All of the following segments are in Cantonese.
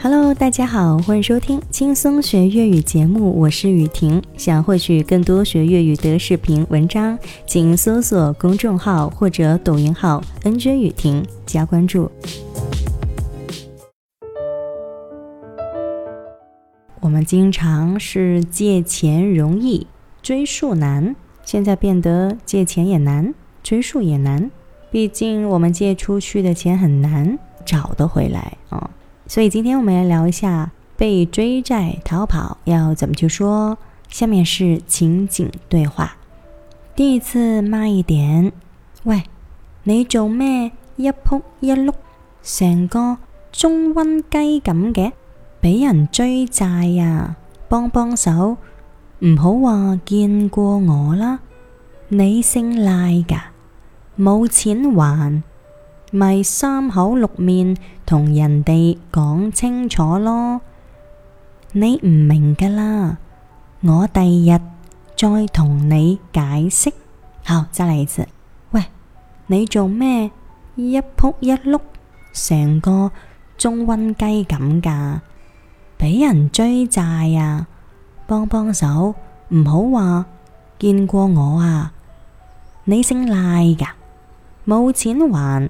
哈嘍，Hello, 大家好，歡迎收聽輕鬆學粵語節目，我是宇婷。想獲取更多學粵語的視頻文章，請搜索公眾號或者抖音號 NJ 宇婷加關注。 我們經常是借錢容易追數難，現在變得借錢也難追數也難，畢竟我們借出去的錢很難找得回來啊。哦所以今天我們來聊一下被追債逃跑要怎麼去說。下面是情景對話：第一次慢一點，喂，你做咩一仆一碌，成個舂瘟雞咁嘅？畀人追債呀，啊？幫幫手，唔好話見過我啦。你姓賴噶，冇錢還。咪三口六面同人哋講清楚咯，你唔明噶啦，我第二日再同你解釋。好，哦，再嚟一次。喂，你做咩一仆一碌，成個舂瘟雞咁噶？畀人追債啊！幫幫手，唔好話見過我啊！你姓賴噶，冇錢還。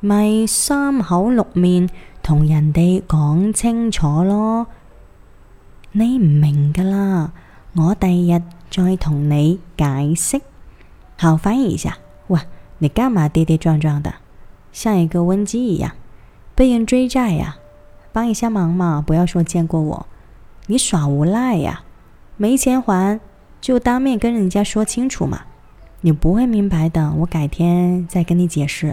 咪三口六面同人哋講清楚咯。你唔明噶啦，我第二日再同你解釋。好，翻譯一下。哇，你幹嘛跌跌撞撞的，像一個瘟雞一樣？被人追債呀、啊？幫一下忙嘛，不要說見過我。你耍無賴呀、啊？沒錢還就當面跟人家說清楚嘛。你不會明白的，我改天再跟你解釋。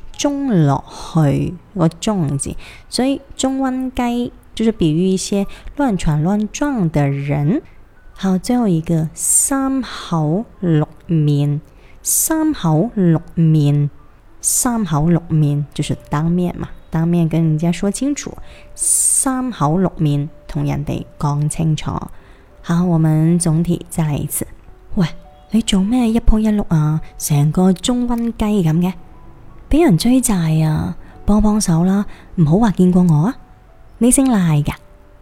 舂落去個舂字，所以舂瘟雞就是比喻一些亂闖亂撞的人。好，最後一個三口六面，三口六面，三口六面就是當面嘛，當面跟人家說清楚，三口六面同人哋講清楚。好，我們總體再來一次。喂，你做咩一仆一碌啊？成個舂瘟雞咁嘅。俾人追債啊！幫幫手啦，唔好話見過我啊！你姓賴噶，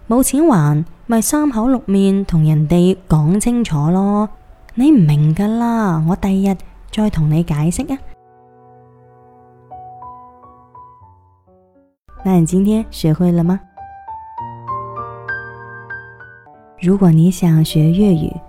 冇錢還，咪三口六面同人哋講清楚咯。你唔明噶啦，我第日再同你解釋啊。那你今天學會了嗎？如果你想學粵語。